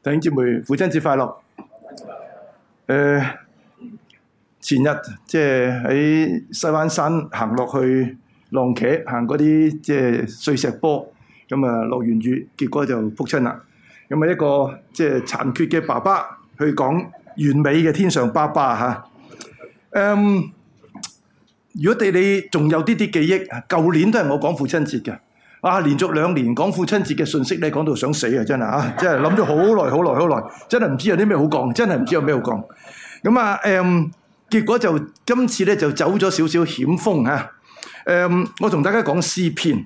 弟兄姊妹，父親節快樂！誒、呃，前日即係喺西灣山行落去浪茄，行嗰啲即係碎石坡，咁啊落完雨，結果就仆親啦。咁、嗯、啊一個即係殘缺嘅爸爸，去講完美嘅天上爸爸嚇。誒、啊嗯，如果你哋仲有啲啲記憶，舊年都係我講父親節嘅。啊！連續兩年講父親節嘅信息咧，講到想死啊！真係啊，真係諗咗好耐、好耐、好耐，真係唔知有啲咩好講，真係唔知有咩好講。咁啊，誒，結果就今次咧就走咗少少險峰嚇、啊。誒、嗯，我同大家講詩篇。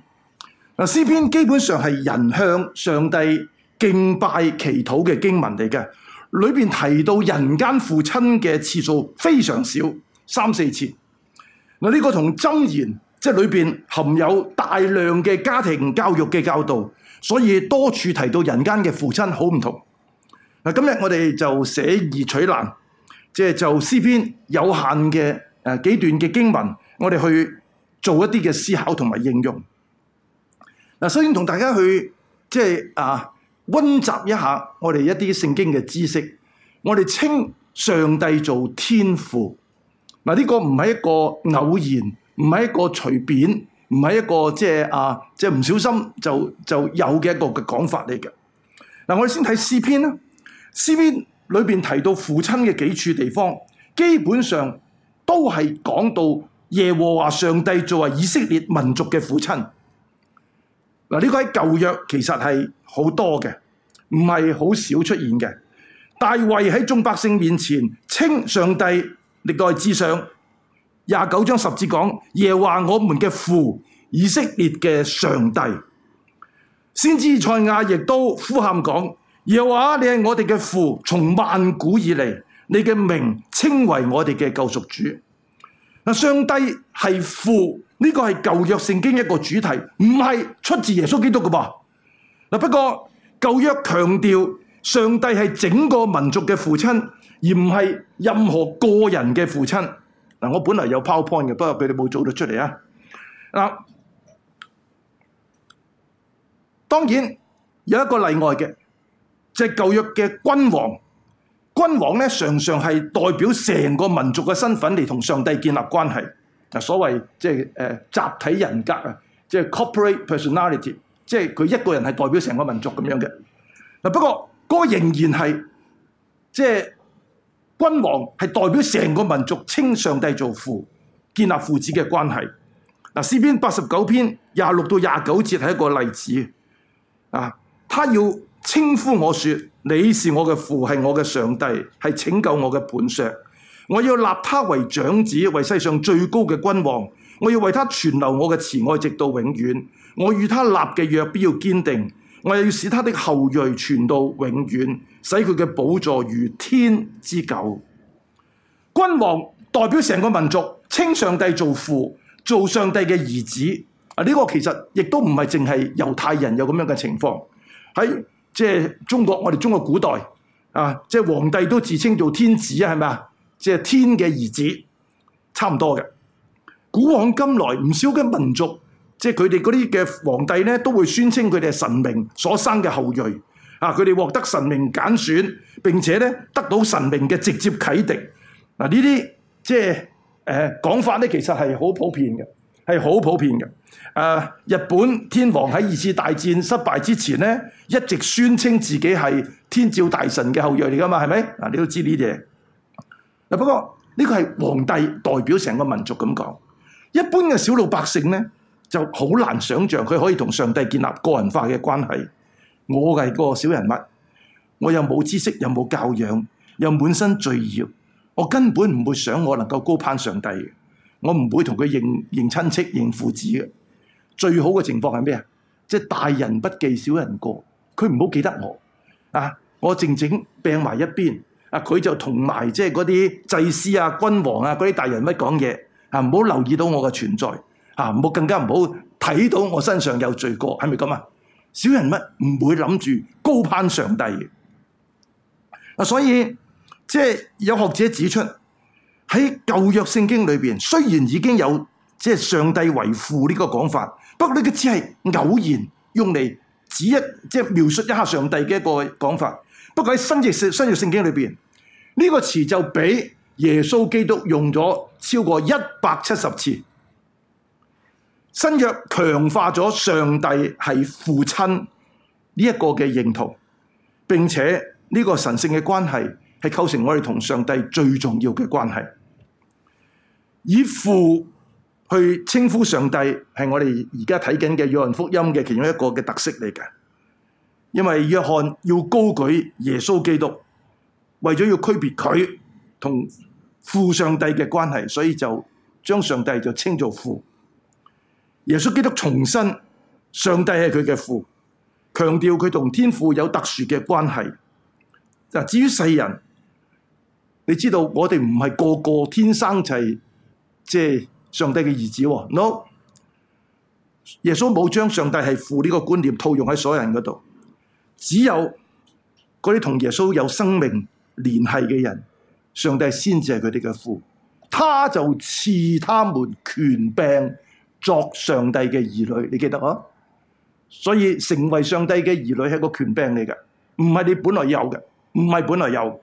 嗱、啊，詩篇基本上係人向上帝敬拜、祈禱嘅經文嚟嘅，裏邊提到人間父親嘅次數非常少，三四次。嗱、啊，呢、這個同箴言。即係裏邊含有大量嘅家庭教育嘅教導，所以多處提到人間嘅父親好唔同。今日我哋就捨易取難，即係就詩篇有限嘅誒幾段嘅經文，我哋去做一啲嘅思考同埋應用。首先同大家去即係啊溫習一下我哋一啲聖經嘅知識。我哋稱上帝做天父，嗱，呢個唔係一個偶然。嗯唔係一個隨便，唔係一個即係啊，即係唔小心就就有嘅一個嘅講法嚟嘅。嗱、啊，我哋先睇詩篇啦。詩篇裏邊提到父親嘅幾處地方，基本上都係講到耶和華、啊、上帝作為以色列民族嘅父親。嗱、啊，呢、這個喺舊約其實係好多嘅，唔係好少出現嘅。大衛喺眾百姓面前稱上帝，歷代至上。廿九章十節講，耶和華我們嘅父，以色列嘅上帝。先知賽亞亦都呼喊講，耶和華你係我哋嘅父，從萬古以嚟，你嘅名稱為我哋嘅救贖主。上帝係父，呢、這個係舊約聖經一個主題，唔係出自耶穌基督㗎噃。不過舊約強調上帝係整個民族嘅父親，而唔係任何個人嘅父親。我本嚟有 PowerPoint 嘅，不過佢哋冇做到出嚟啊。嗱，當然有一個例外嘅，即係舊約嘅君王，君王咧，常常係代表成個民族嘅身份嚟同上帝建立關係。就所謂即係誒集體人格啊，即係 corporate personality，即係佢一個人係代表成個民族咁樣嘅。嗱，不過嗰個仍然係即係。即係君王係代表成個民族稱上帝做父，建立父子嘅關係。嗱，詩篇八十九篇廿六到廿九節係一個例子。啊，他要稱呼我說：你是我嘅父，係我嘅上帝，係拯救我嘅磐石。我要立他為長子，為世上最高嘅君王。我要為他存留我嘅慈愛，直到永遠。我與他立嘅約必要堅定。我也要使他的後裔傳到永遠，使佢嘅寶座如天之久。君王代表成個民族，稱上帝做父，做上帝嘅兒子。啊，呢個其實亦都唔係淨係猶太人有咁樣嘅情況。喺即係中國，我哋中國古代啊，即係皇帝都自稱做天子啊，係咪啊？即係天嘅兒子，差唔多嘅。古往今來，唔少嘅民族。即係佢哋嗰啲嘅皇帝咧，都會宣稱佢哋係神明所生嘅後裔，啊！佢哋獲得神明揀選，並且咧得到神明嘅直接啟迪。嗱、啊呃、呢啲即係誒講法咧，其實係好普遍嘅，係好普遍嘅。啊，日本天皇喺二次大戰失敗之前咧，一直宣稱自己係天照大神嘅後裔嚟噶嘛，係咪？嗱、啊，你都知呢啲嘢。嗱、啊、不過呢、這個係皇帝代表成個民族咁講，一般嘅小老百姓咧。就好難想像佢可以同上帝建立個人化嘅關係。我係個小人物，我又冇知識，又冇教養，又滿身罪業。我根本唔會想我能夠高攀上帝嘅。我唔會同佢認認親戚、認父子嘅。最好嘅情況係咩啊？即係大人不記小人過。佢唔好記得我啊！我靜靜病埋一邊啊！佢就同埋即係嗰啲祭司啊、君王啊嗰啲大人物講嘢啊，唔好留意到我嘅存在。吓、啊，更加唔好睇到我身上有罪過，係咪咁啊？小人物唔會諗住高攀上帝嘅。啊，所以有學者指出，喺舊約聖經裏面，雖然已經有即係上帝為父呢個講法，不過呢個只係偶然用嚟指一即係描述一下上帝嘅一個講法。不過喺新約新約聖經裏邊，呢、這個詞就俾耶穌基督用咗超過一百七十次。新約強化咗上帝係父親呢一個嘅認同，並且呢個神聖嘅關係係構成我哋同上帝最重要嘅關係。以父去稱呼上帝係我哋而家睇緊嘅約翰福音嘅其中一個嘅特色嚟嘅，因爲約翰要高舉耶穌基督，爲咗要區別佢同父上帝嘅關係，所以就將上帝就稱做父。耶穌基督重申：「上帝係佢嘅父，強調佢同天父有特殊嘅關係。嗱，至於世人，你知道我哋唔係個個天生就係即係上帝嘅兒子。no，耶穌冇將上帝係父呢個觀念套用喺所有人嗰度，只有嗰啲同耶穌有生命聯繫嘅人，上帝先至係佢哋嘅父，他就賜他們權柄，作上帝嘅兒女，你記得嗬？所以成為上帝嘅兒女係個權柄嚟嘅，唔係你本來有嘅，唔係本來有。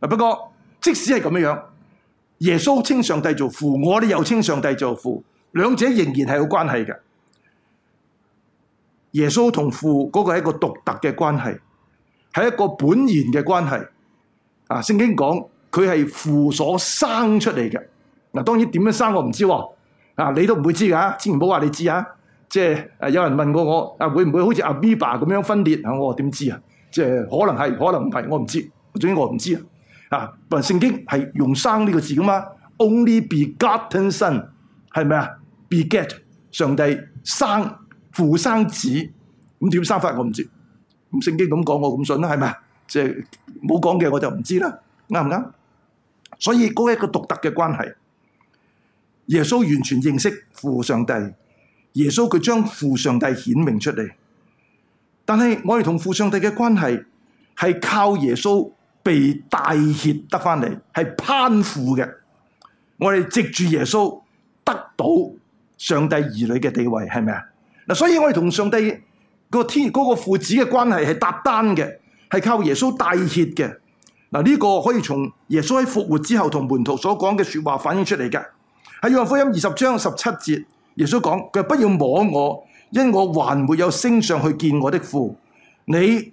不過即使係咁樣，耶穌稱上帝做父，我哋又稱上帝做父，兩者仍然係有關係嘅。耶穌同父嗰個係一個獨特嘅關係，係一個本然嘅關係。啊，聖經講佢係父所生出嚟嘅。嗱、啊，當然點樣生我唔知道。啊！你都唔會知噶，千祈唔好話你知啊！即係有人問過我，啊會唔會好似阿 V i v a 咁樣分裂啊？我話點知啊？即係可能係，可能唔係，我唔知。總之我唔知啊！啊，但聖經係用生呢、這個字噶嘛？Only begotten son 係咪啊？Begat 上帝生父生子，咁點生法我唔知。咁、啊、聖經咁講，我咁信啦，係咪啊？即係冇講嘅，沒的我就唔知啦，啱唔啱？所以嗰一個獨特嘅關係。耶穌完全認識父上帝，耶穌佢將父上帝顯明出嚟。但係我哋同父上帝嘅關係係靠耶穌被帶挈得翻嚟，係攀附嘅。我哋藉住耶穌得到上帝兒女嘅地位，係咪啊？所以我哋同上帝個天嗰個父子嘅關係係搭單嘅，係靠耶穌帶挈嘅。嗱，呢個可以從耶穌喺復活之後同門徒所講嘅說話反映出嚟嘅。喺《約翰福音》二十章十七節，耶穌講：佢不要摸我，因我還沒有升上去見我的父。你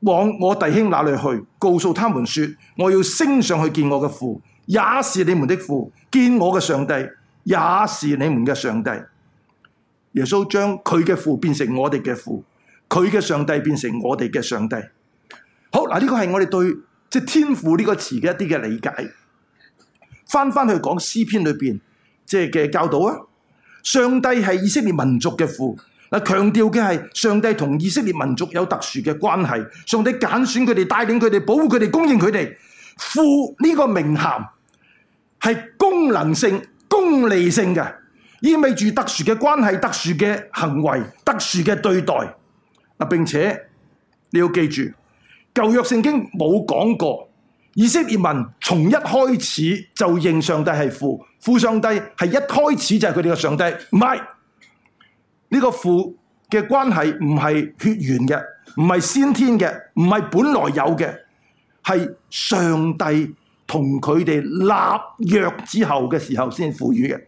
往我弟兄那裏去，告訴他們說：我要升上去見我嘅父，也是你們的父，見我嘅上帝，也是你們嘅上帝。耶穌將佢嘅父變成我哋嘅父，佢嘅上帝變成我哋嘅上帝。好，嗱、這、呢個係我哋對天父呢個詞嘅一啲嘅理解。翻返去講詩篇裏邊，即係嘅教導啊！上帝係以色列民族嘅父，嗱，強調嘅係上帝同以色列民族有特殊嘅關係。上帝揀選佢哋，帶領佢哋，保護佢哋，供應佢哋。父呢個名銜係功能性、功利性嘅，意味住特殊嘅關係、特殊嘅行為、特殊嘅對待。嗱，並且你要記住，舊約聖經冇講過。以色列民從一開始就認上帝係父，父上帝係一開始就係佢哋嘅上帝。唔係，呢個父嘅關係唔係血緣嘅，唔係先天嘅，唔係本來有嘅，係上帝同佢哋立約之後嘅時候先賦予嘅。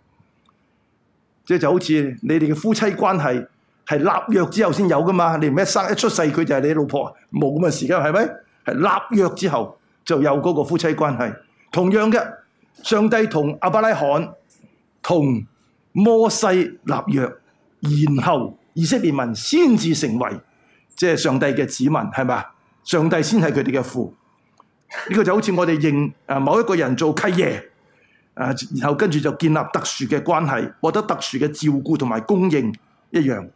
即係就好似你哋嘅夫妻關係係立約之後先有噶嘛？你唔係一生一出世佢就係你老婆，冇咁嘅事噶，係咪？係立約之後。就有嗰個夫妻關係，同樣嘅上帝同亞伯拉罕同摩西立約，然後以色列民先至成為即係上帝嘅子民，係咪？上帝先係佢哋嘅父，呢、這個就好似我哋認某一個人做契爺，然後跟住就建立特殊嘅關係，獲得特殊嘅照顧同埋供應一樣。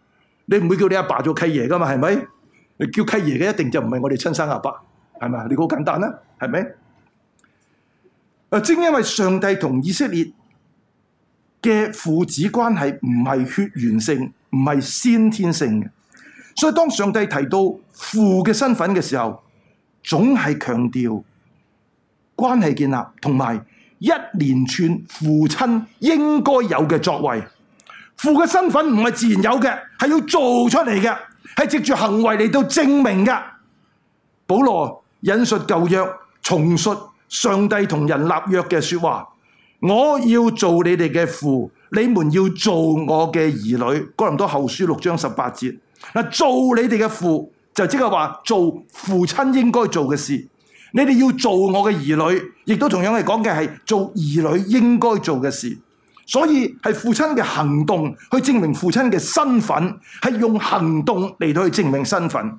你唔會叫你阿爸做契爺噶嘛？係咪？叫契爺嘅一定就唔係我哋親生阿爸。係咪？你好簡單啦，係咪？正因為上帝同以色列嘅父子關係唔係血緣性，唔係先天性嘅，所以當上帝提到父嘅身份嘅時候，總係強調關係建立，同埋一連串父親應該有嘅作為。父嘅身份唔係自然有嘅，係要做出嚟嘅，係藉住行為嚟到證明嘅。保羅。引述舊約重述上帝同人立約嘅説話，我要做你哋嘅父，你們要做我嘅兒女。哥林多後書六章十八節，做你哋嘅父就即係話做父親應該做嘅事，你哋要做我嘅兒女，亦都同樣係講嘅係做兒女應該做嘅事。所以係父親嘅行動去證明父親嘅身份，係用行動嚟到去證明身份。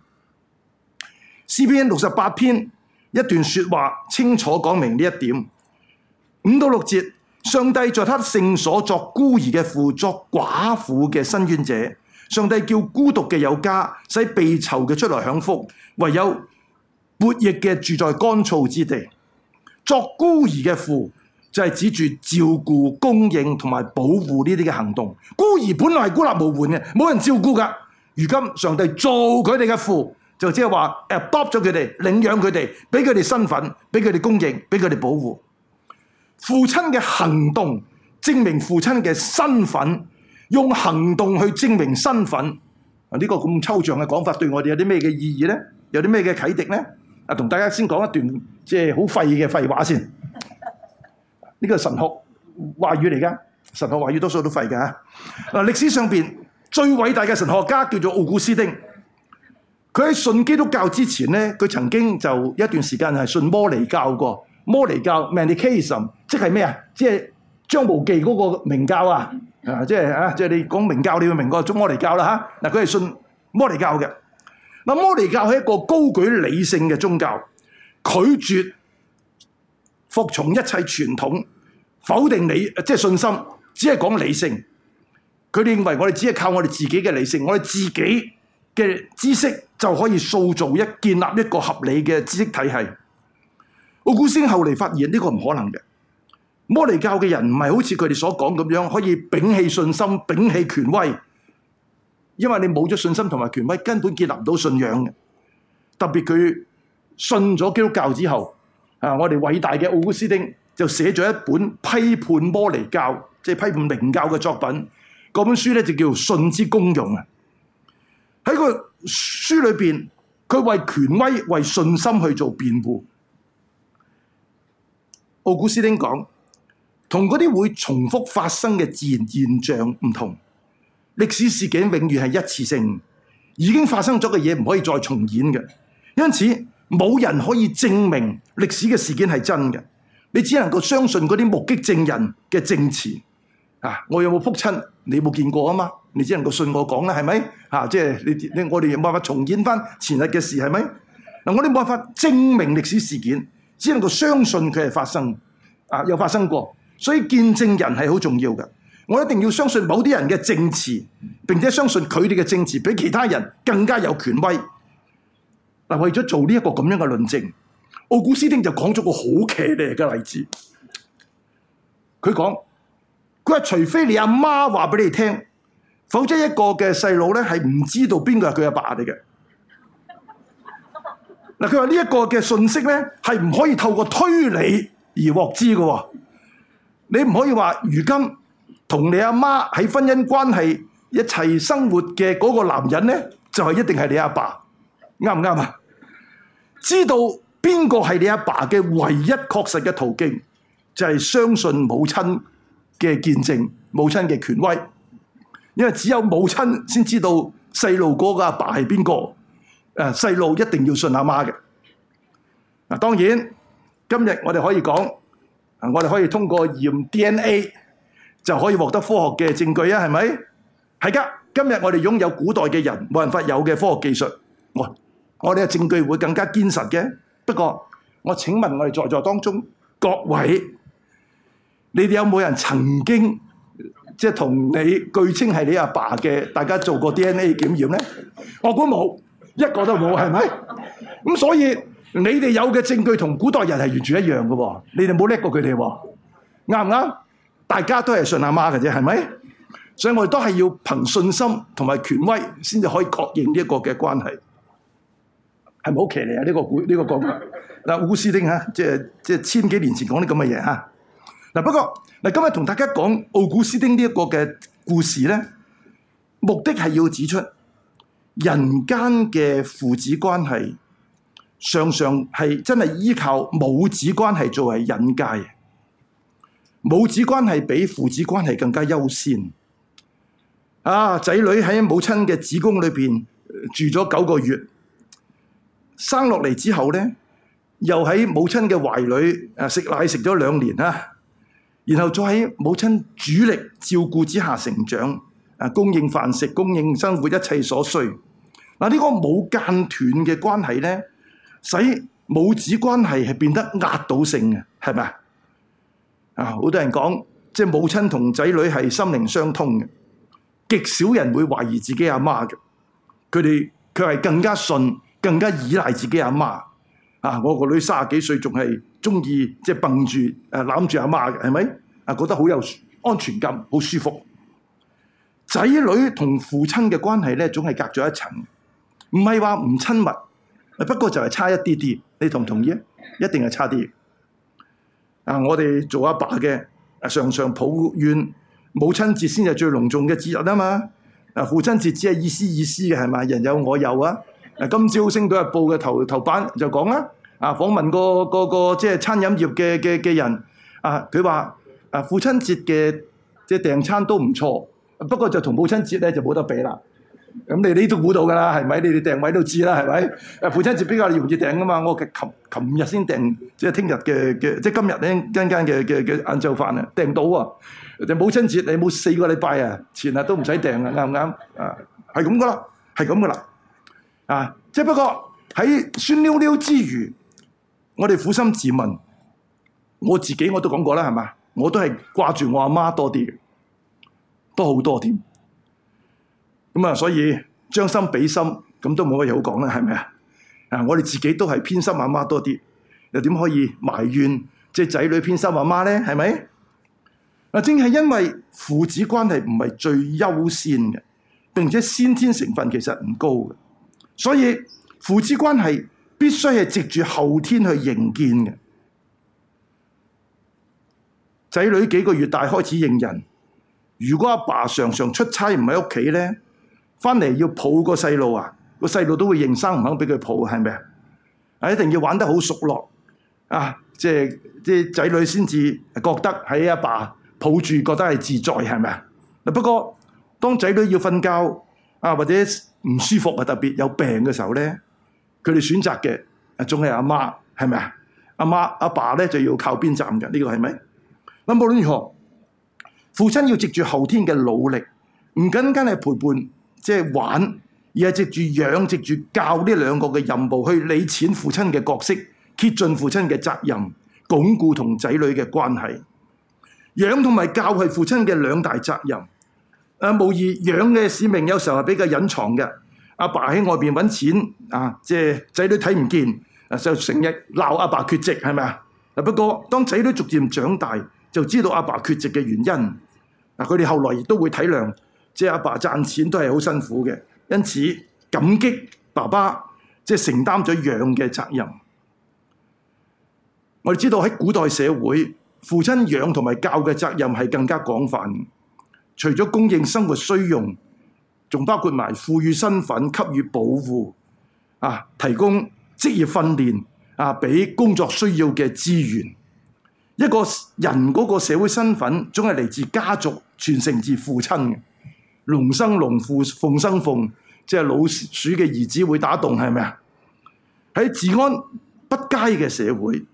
詩篇六十八篇一段説話清楚講明呢一點五到六節，上帝在祂聖所作孤兒嘅父，作寡婦嘅伸冤者。上帝叫孤獨嘅有家，使被囚嘅出來享福。唯有悖逆嘅住在乾燥之地，作孤兒嘅父就係、是、指住照顧、供應同埋保護呢啲嘅行動。孤兒本來係孤立無援嘅，冇人照顧噶。如今上帝做佢哋嘅父。就即係話，誒，pop 咗佢哋，領養佢哋，俾佢哋身份，俾佢哋供應，俾佢哋保護。父親嘅行動證明父親嘅身份，用行動去證明身份。啊，呢個咁抽象嘅講法對我哋有啲咩嘅意義呢？有啲咩嘅啟迪呢？啊，同大家先講一段即係好廢嘅廢話先。呢、這個神學話語嚟噶，神學話語多數都廢噶。嗱，歷史上邊最偉大嘅神學家叫做奧古斯丁。佢喺信基督教之前呢，佢曾經就一段時間係信摩尼教過。摩尼教，Manichaeism，即係咩啊？即係張無忌嗰個明教啊？啊，即係啊，即係你講明教，你要明個中摩尼教啦吓。嗱、啊，佢、啊、係信摩尼教嘅。嗱、啊，摩尼教係一個高舉理性嘅宗教，拒絕服從一切傳統，否定理，啊、即係信心，只係講理性。佢認為我哋只係靠我哋自己嘅理性，我哋自己嘅知識就可以塑造一建立一個合理嘅知識體系。奧古斯丁後嚟發現呢個唔可能嘅，摩尼教嘅人唔係好似佢哋所講咁樣可以摒棄信心、摒棄權威，因為你冇咗信心同埋權威，根本建立唔到信仰嘅。特別佢信咗基督教之後，啊，我哋偉大嘅奧古斯丁就寫咗一本批判摩尼教，即係批判明教嘅作品。嗰本書咧就叫《信之功用》啊。喺個書裏面，佢為權威、為信心去做辯護。奧古斯丁講，同嗰啲會重複發生嘅自然現象唔同，歷史事件永遠係一次性，已經發生咗嘅嘢唔可以再重演嘅。因此，冇人可以證明歷史嘅事件係真嘅，你只能夠相信嗰啲目擊證人嘅證詞。啊、我有冇父親？你冇見過啊嘛？你只能夠信我講啦，係咪？嚇、啊！即係你你我哋冇辦法重建翻前日嘅事，係咪？嗱、啊，我哋冇辦法證明歷史事件，只能夠相信佢係發生，啊，有發生過。所以見證人係好重要嘅。我一定要相信某啲人嘅證詞，並且相信佢哋嘅證詞比其他人更加有權威。嗱、啊，為咗做呢、這、一個咁樣嘅論證，奧古斯丁就講咗個好騎呢嘅例子，佢講。佢話：除非你阿媽話畀你聽，否則一個嘅細路咧係唔知道邊個係佢阿爸嚟嘅。嗱，佢話呢一個嘅信息咧係唔可以透過推理而獲知嘅。你唔可以話，如今同你阿媽喺婚姻關係、一齊生活嘅嗰個男人咧，就係一定係你阿爸，啱唔啱啊？知道邊個係你阿爸嘅唯一確實嘅途徑，就係相信母親嘅見證，母親嘅權威，因為只有母親先知道細路哥嘅阿爸係邊個，誒細路一定要信阿媽嘅。嗱、啊，當然今日我哋可以講、啊，我哋可以通過驗 DNA 就可以獲得科學嘅證據啊，係咪？係噶，今日我哋擁有古代嘅人冇辦法有嘅科學技術，啊、我我哋嘅證據會更加堅實嘅。不過，我請問我哋在座當中各位。你哋有冇人曾經即係同你據稱係你阿爸嘅大家做過 DNA 檢驗呢？我估冇，一個都冇，係咪？咁所以你哋有嘅證據同古代人係完全一樣嘅喎，你哋冇叻過佢哋喎，啱唔啱？大家都係信阿媽嘅啫，係咪？所以我哋都係要憑信心同埋權威先至可以確認呢一個嘅關係，係咪好騎呢？呢、這個古呢、這個講法嗱，古、這個呃、斯丁啊，即係即係千幾年前講啲咁嘅嘢嚇。啊。嗱，不過嗱，今日同大家講奧古斯丁呢一個嘅故事咧，目的係要指出人間嘅父子關係，常常係真係依靠母子關係作為引介。母子關係比父子關係更加優先。啊，仔女喺母親嘅子宮裏邊住咗九個月，生落嚟之後咧，又喺母親嘅懷裏誒食奶食咗兩年啊！吃然後再喺母親主力照顧之下成長，啊，供應飯食、供應生活一切所需。嗱，呢個冇間斷嘅關係呢，使母子關係係變得壓倒性嘅，係咪啊？好多人講，即母親同仔女係心靈相通嘅，極少人會懷疑自己阿媽嘅。佢哋佢係更加信、更加依賴自己阿媽。啊，我個女三十幾歲仲係。中意即係揈住誒攬住阿媽嘅係咪啊覺得好有安全感好舒服仔女同父親嘅關係咧總係隔咗一層唔係話唔親密不過就係差一啲啲你同唔同意啊一定係差啲啊我哋做阿爸嘅、啊、常常抱怨母親節先係最隆重嘅節日嘛啊嘛啊父親節只係意思意思嘅係咪？人有我有啊啊今朝星島日報嘅頭頭版就講啦、啊。啊，訪問過個個即係餐飲業嘅嘅嘅人，啊，佢話啊父親節嘅即係訂餐都唔錯，不過就同母親節咧就冇得比啦。咁你你都估到㗎啦，係咪？你哋訂位都知啦，係咪？誒父親節比較容易訂㗎嘛？我嘅琴琴日先訂，即係聽日嘅嘅，即係今日咧間間嘅嘅嘅晏晝飯啊訂到喎啊。就母親節你冇四個禮拜啊，前日都唔使訂啊，啱唔啱？啊，係咁㗎啦，係咁㗎啦。啊，即係不過喺酸溜溜之，之餘。我哋苦心自問，我自己我都講過啦，係嘛？我都係掛住我阿媽多啲，多好多點。咁、嗯、啊，所以將心比心，咁都冇乜嘢好講啦，係咪啊？啊，我哋自己都係偏心阿媽多啲，又點可以埋怨即係仔女偏心阿媽呢？係咪？嗱，正係因為父子關係唔係最優先嘅，並且先天成分其實唔高嘅，所以父子關係。必須係藉住後天去認建嘅，仔女幾個月大開始認人。如果阿爸，爸常常出差唔喺屋企咧，翻嚟，要抱個細路啊，個細路都會認生，唔肯俾佢抱，係咪啊？一定要玩得好熟絡啊，即係啲仔女先至覺得喺阿爸，爸抱住覺得係自在，係咪啊？不，不過當仔女要瞓覺啊，或者唔舒服啊，特別有病嘅時候呢。佢哋選擇嘅仲係阿媽，係咪啊？阿媽，媽、阿爸咧就要靠邊站嘅呢個係咪？咁無論如何，父親要藉住後天嘅努力，唔僅僅係陪伴，即係玩，而係藉住養、藉住教呢兩個嘅任務，去履踐父親嘅角色，竭盡父親嘅責任，鞏固同仔女嘅關係。養同埋教係父親嘅兩大責任。誒，無疑養嘅使命有時候係比較隱藏嘅。阿爸喺外面揾錢，啊，即仔女睇唔見，啊、就成日鬧阿爸缺席，係咪？不過當仔女逐漸長大，就知道阿爸缺席嘅原因。嗱、啊，佢哋後來亦都會體諒，即阿爸賺錢都係好辛苦嘅，因此感激爸爸，即承擔咗養嘅責任。我哋知道喺古代社會，父親養同埋教嘅責任係更加廣泛，除咗供應生活需用。仲包括埋賦予身份、給予保護，啊，提供職業訓練啊，俾工作需要嘅資源。一個人嗰個社會身份總係嚟自家族傳承自父親嘅，龍生龍父，鳳生鳳，即係老鼠嘅兒子會打洞係咪啊？喺治安不佳嘅社會，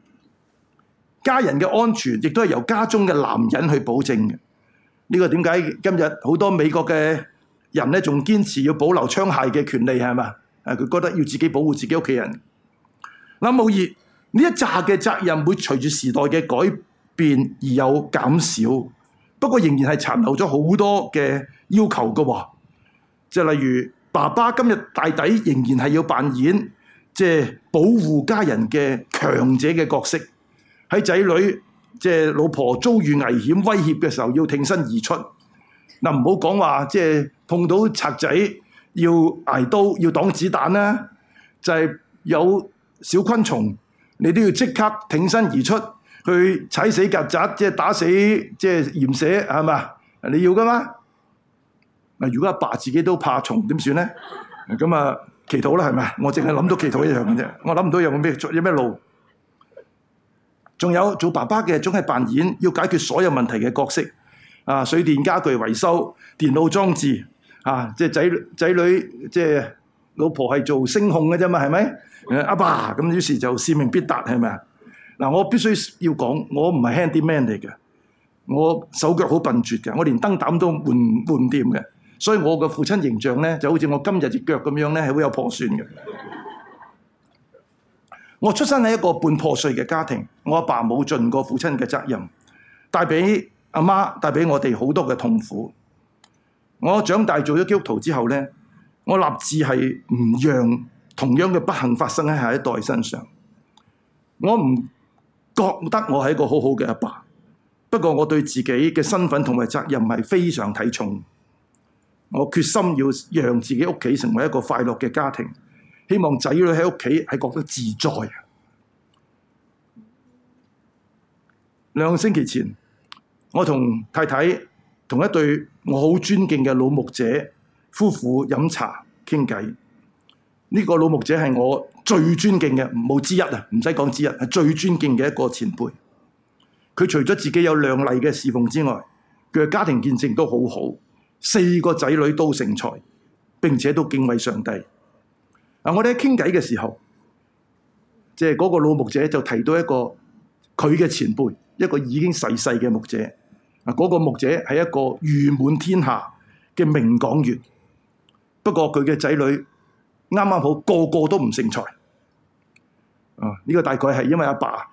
家人嘅安全亦都係由家中嘅男人去保證嘅。呢個點解今日好多美國嘅？人呢，仲堅持要保留槍械嘅權利係嘛？誒，佢、啊、覺得要自己保護自己屋企人。嗱、啊，無疑呢一扎嘅責任會隨住時代嘅改變而有減少，不過仍然係殘留咗好多嘅要求嘅喎、哦。即係例如，爸爸今日大抵仍然係要扮演即係保護家人嘅強者嘅角色，喺仔女即係老婆遭遇危險威脅嘅時候要挺身而出。嗱，唔好講話，即係碰到賊仔要捱刀，要擋子彈啦，就係有小昆蟲，你都要即刻挺身而出去踩死曱甴，即係打死即係鹽蛇，係咪？你要㗎嘛？如果阿爸自己都怕蟲，點算呢？咁啊，祈禱啦，係咪？我淨係諗到祈禱一樣嘅啫，我諗唔到有冇咩做，有咩路？仲有做爸爸嘅，總係扮演要解決所有問題嘅角色。啊！水電家具維修、電腦裝置，啊！即係仔仔女，即係老婆係做聲控嘅啫嘛，係咪？阿、啊、爸，咁於是就使命必達，係咪啊？嗱，我必須要講，我唔係 handy man 嚟嘅，我手腳好笨拙嘅，我連燈膽都換換唔掂嘅，所以我嘅父親形象咧，就好似我今日隻腳咁樣咧，係會有破損嘅。 我出生喺一個半破碎嘅家庭，我阿爸冇盡過父親嘅責任，帶俾。阿媽帶俾我哋好多嘅痛苦。我長大做咗基督徒之後呢，我立志係唔讓同樣嘅不幸發生喺下一代身上。我唔覺得我係一個好好嘅阿爸，不過我對自己嘅身份同埋責任係非常睇重。我決心要讓自己屋企成為一個快樂嘅家庭，希望仔女喺屋企係覺得自在。兩個星期前。我同太太同一對我好尊敬嘅老牧者夫婦飲茶傾偈。呢、這個老牧者係我最尊敬嘅，無之一啊，唔使講之一，最尊敬嘅一個前輩。佢除咗自己有亮麗嘅侍奉之外，佢家庭建設都好好，四個仔女都成才，並且都敬畏上帝。我哋喺傾偈嘅時候，即係嗰個老牧者就提到一個佢嘅前輩，一個已經逝世嘅牧者。嗱，嗰個牧者係一個譽滿天下嘅名講員，不過佢嘅仔女啱啱好個個都唔成才。啊，呢、這個大概係因為阿爸誒、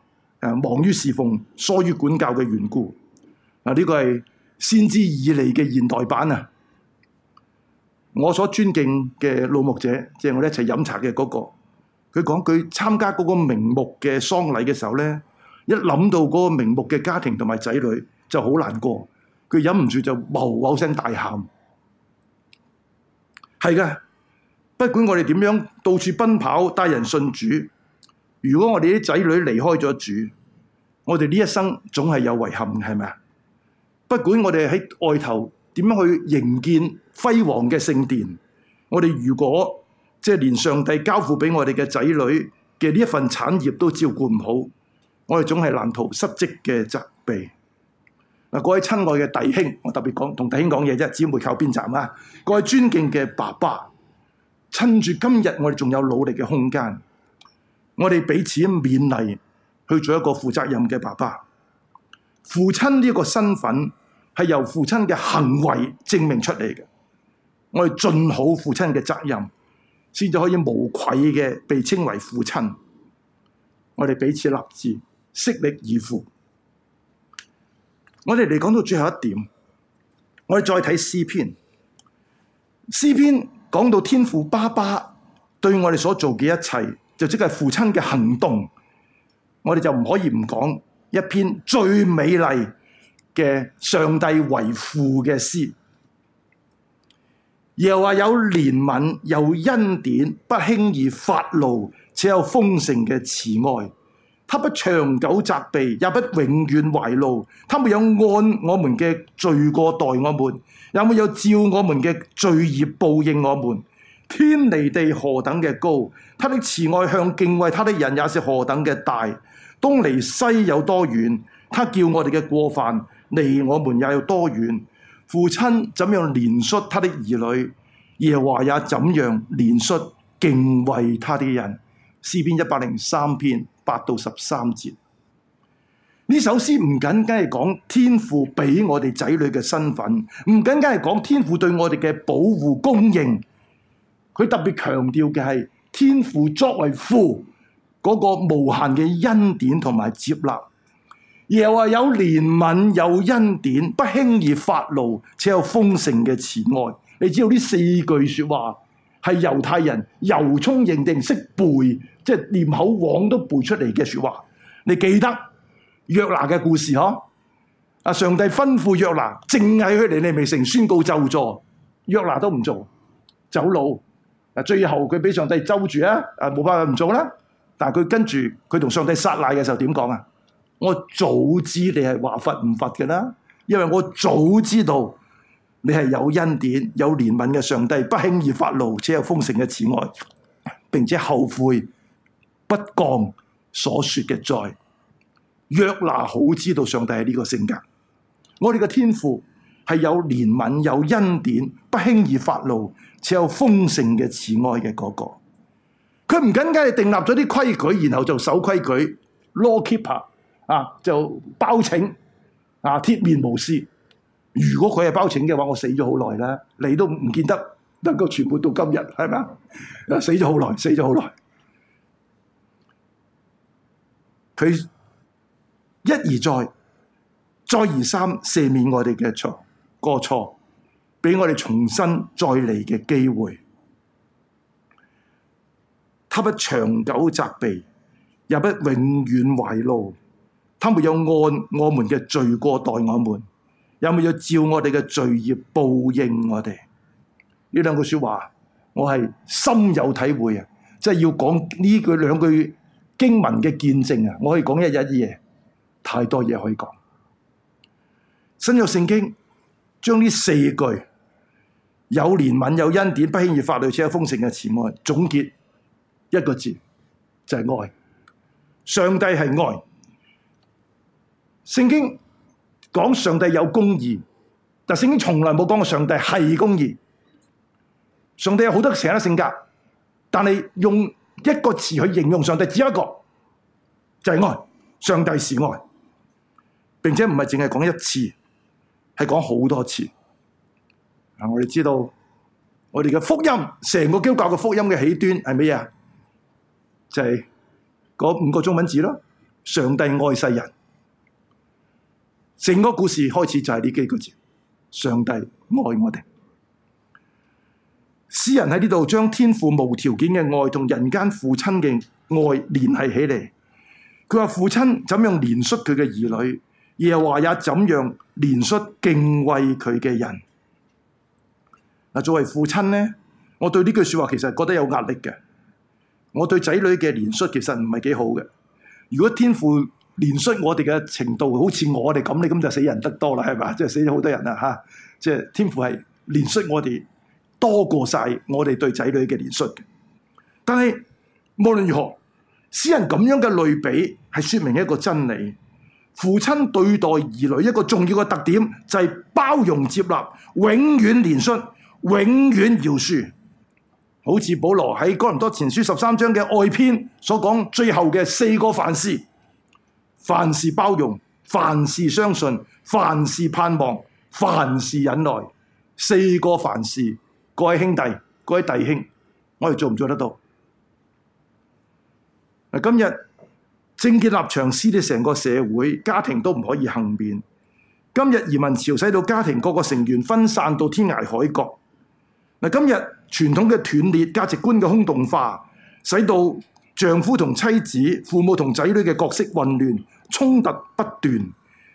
啊、忙於侍奉、疏於管教嘅緣故。嗱、啊，呢、這個係先知以嚟嘅現代版啊！我所尊敬嘅老牧者，即、就、係、是、我哋一齊飲茶嘅嗰、那個，佢講：佢參加嗰個名牧嘅喪禮嘅時候咧，一諗到嗰個名牧嘅家庭同埋仔女。就好難過，佢忍唔住就哇哇聲大喊。係嘅，不管我哋點樣到處奔跑帶人信主，如果我哋啲仔女離開咗主，我哋呢一生總係有遺憾，係咪啊？不管我哋喺外頭點樣去營建輝煌嘅聖殿，我哋如果即係、就是、連上帝交付俾我哋嘅仔女嘅呢一份產業都照顧唔好，我哋總係難逃失職嘅責備。各位親愛嘅弟兄，我特別講同弟兄講嘢啫，姊妹靠邊站啊！各位尊敬嘅爸爸，趁住今日我哋仲有努力嘅空間，我哋彼此勉勵去做一個負責任嘅爸爸。父親呢個身份係由父親嘅行為證明出嚟嘅，我哋盡好父親嘅責任，先至可以無愧嘅被稱為父親。我哋彼此立志，全力以赴。我哋嚟講到最後一點，我哋再睇詩篇。詩篇講到天父爸爸對我哋所做嘅一切，就即係父親嘅行動。我哋就唔可以唔講一篇最美麗嘅上帝為父嘅詩，又話有憐憫，有恩典，不輕易發怒，且有豐盛嘅慈愛。他不長久責備，也不永遠懷怒。他沒有按我們嘅罪過待我們，也沒有照我們嘅罪孽報應我們。天離地何等嘅高，他的慈愛向敬畏他的人也是何等嘅大。東離西有多遠，他叫我哋嘅過犯離我們也有多遠。父親怎樣憐恤他的兒女，耶和華也怎樣憐恤敬畏他的人。詩篇一百零三篇八到十三節，呢首詩唔僅僅係講天父俾我哋仔女嘅身份，唔僅僅係講天父對我哋嘅保護供應，佢特別強調嘅係天父作為父，嗰個無限嘅恩典同埋接納，又話有憐憫有恩典，不輕易發怒，且有豐盛嘅慈愛。你知道呢四句說話。係猶太人由衷認定識背，即係唸口簧都背出嚟嘅説話。你記得約拿嘅故事、啊、上帝吩咐約拿，叫佢去，尼尼微城宣告咒詛，約拿都唔做，走佬、啊。最後佢俾上帝揪住啊，啊，冇辦法唔做、啊、但係佢跟住佢同上帝撒賴嘅時候點講啊？我早知道你係話佛唔佛嘅啦，因為我早知道。你係有恩典、有憐憫嘅上帝，不輕易發怒，且有豐盛嘅慈愛，並且後悔不降所說嘅災。約拿好知道上帝係呢個性格。我哋嘅天父係有憐憫、有恩典、不輕易發怒，且有豐盛嘅慈愛嘅嗰個。佢唔僅僅係訂立咗啲規矩，然後就守規矩，lawkeeper 啊，就包拯啊，鐵面無私。如果佢係包拯嘅話，我死咗好耐啦，你都唔見得能夠存活到今日，係咪啊？死咗好耐，死咗好耐。佢一而再，再而三赦免我哋嘅錯，個錯，俾我哋重新再嚟嘅機會。他不長久責備，也不永遠懷怒，他沒有按我們嘅罪過待我們。有冇要照我哋嘅罪孽報應我哋？呢兩句說話，我係深有體會啊！即、就是、要講呢句兩句經文嘅見證啊！我可以講一日一夜，太多嘢可以講。新約聖經將呢四句有憐憫、有恩典、不輕易發怒、且有豐盛嘅慈愛總結一個字就係、是、愛。上帝係愛，聖經。講上帝有公義，但聖經從來冇講過上帝係公義。上帝有好多其他性格，但係用一個詞去形容上帝，只有一個，就係、是、愛。上帝是愛，並且唔係淨係講一次，係講好多次。啊，我哋知道我哋嘅福音，成個基督教嘅福音嘅起端係咩嘢？就係、是、嗰五個中文字咯，上帝愛世人。整個故事開始就係呢幾個字：上帝愛我哋。詩人喺呢度將天父無條件嘅愛同人間父親嘅愛聯繫起嚟。佢話父親怎樣憐恤佢嘅兒女，耶和華也怎樣憐恤敬畏佢嘅人。嗱，作為父親呢，我對呢句說話其實覺得有壓力嘅。我對仔女嘅憐恤其實唔係幾好嘅。如果天父，憐恤我哋嘅程度，好似我哋咁，你咁就死人得多啦，係咪？即係死咗好多人啊！吓，即係天父係憐恤我哋多過晒我哋對仔女嘅憐恤。但係無論如何，詩人咁樣嘅類比係說明一個真理：父親對待兒女一個重要嘅特點就係、是、包容接納，永遠憐恤，永遠饒恕。好似保羅喺哥林多前書十三章嘅愛篇所講，最後嘅四個凡事。凡事包容，凡事相信，凡事盼望，凡事忍耐，四個凡事，各位兄弟、各位弟兄，我哋做唔做得到？今日政見立場撕裂成個社會，家庭都唔可以幸免。今日移民潮使到家庭各個成員分散到天涯海角。今日傳統嘅斷裂，價值觀嘅空洞化，使到丈夫同妻子、父母同仔女嘅角色混亂。衝突不斷，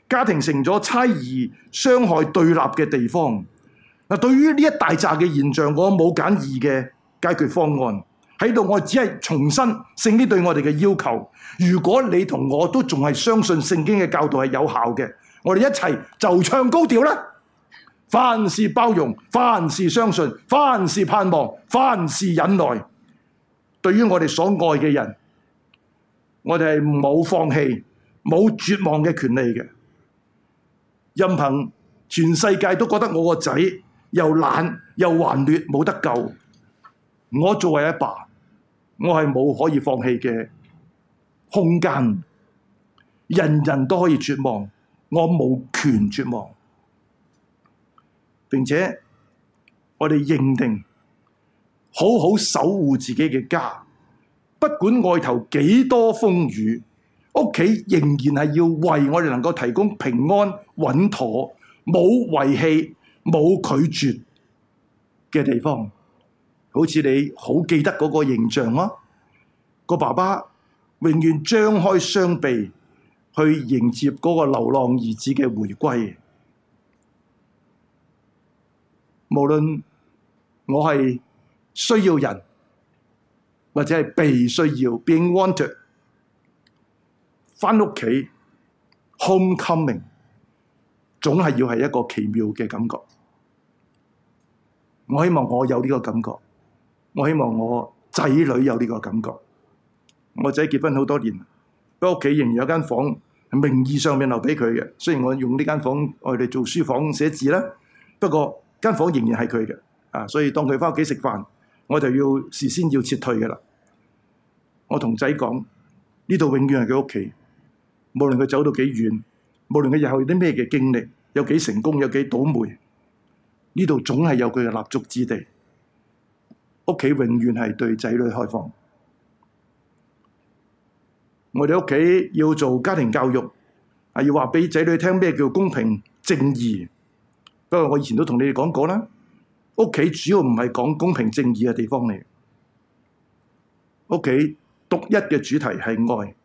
家庭成咗猜疑、傷害、對立嘅地方。嗱，對於呢一大扎嘅現象，我冇簡易嘅解決方案。喺度，我只係重申聖經對我哋嘅要求。如果你同我都仲係相信聖經嘅教導係有效嘅，我哋一齊就唱高調啦！凡事包容，凡事相信，凡事盼望，凡事忍耐。對於我哋所愛嘅人，我哋係唔好放棄。冇絕望嘅權利嘅，任憑全世界都覺得我個仔又懶又頑劣冇得救，我作為阿爸，我係冇可以放棄嘅空間。人人都可以絕望，我冇權絕望。並且我哋認定好好守護自己嘅家，不管外頭幾多風雨。屋企仍然係要為我哋能夠提供平安、穩妥、冇遺棄、冇拒絕嘅地方，好似你好記得嗰個形象咯，啊，個爸爸永遠張開雙臂去迎接嗰個流浪兒子嘅回歸。無論我係需要人，或者係被需要 （being wanted）。翻屋企，Homecoming 總係要係一個奇妙嘅感覺。我希望我有呢個感覺，我希望我仔女有呢個感覺。我仔結婚好多年，喺屋企仍然有間房，喺名義上面留俾佢嘅。雖然我用呢間房我哋做書房寫字啦，不過間房仍然係佢嘅。啊，所以當佢翻屋企食飯，我就要事先要撤退㗎喇。我同仔講，呢度永遠係佢屋企。無論佢走到幾遠，無論佢日後有啲咩嘅經歷，有幾成功，有幾倒霉，呢度總係有佢嘅立足之地。屋企永遠係對仔女開放。我哋屋企要做家庭教育，啊，要話俾仔女聽咩叫公平正義。不過我以前都同你哋講過啦，屋企主要唔係講公平正義嘅地方嚟，屋企獨一嘅主題係愛。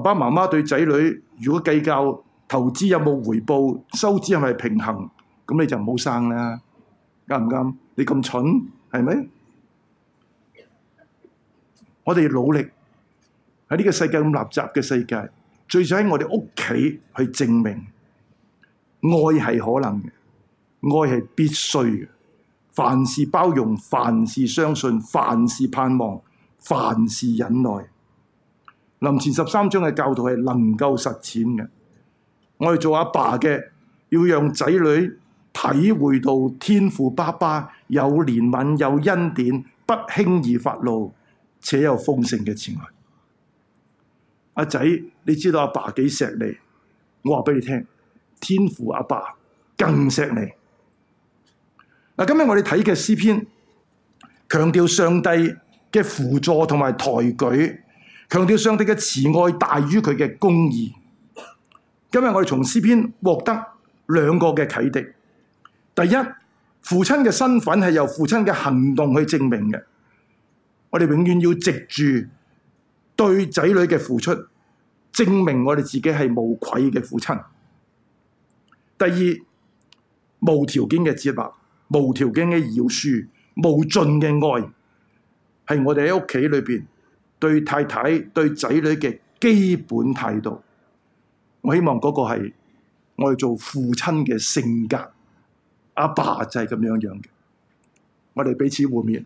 爸爸媽媽對仔女，如果計較投資有冇回報、收支係咪平衡，咁你就唔好生啦，啱唔啱？你咁蠢係咪？我哋要努力喺呢個世界咁垃圾嘅世界，最想喺我哋屋企去證明愛係可能嘅，愛係必須嘅。凡事包容，凡事相信，凡事盼望，凡事忍耐。林前十三章嘅教導係能夠實踐嘅，我哋做阿爸嘅，要讓仔女體會到天父爸爸有憐憫有恩典，不輕易發怒，且有豐盛嘅慈愛。阿仔，你知道阿爸幾錫你，我話俾你聽，天父阿爸爸更錫你。今日我哋睇嘅詩篇，強調上帝嘅輔助同埋抬舉。強調上帝嘅慈愛大於佢嘅公義。今日我哋從詩篇獲得兩個嘅啟迪：第一，父親嘅身份係由父親嘅行動去證明嘅。我哋永遠要藉住對仔女嘅付出，證明我哋自己係無愧嘅父親。第二，無條件嘅接納、無條件嘅饒恕、無盡嘅愛，係我哋喺屋企裏邊對太太、對仔女嘅基本態度，我希望嗰個係我哋做父親嘅性格，阿爸爸就係咁樣樣嘅，我哋彼此互勉。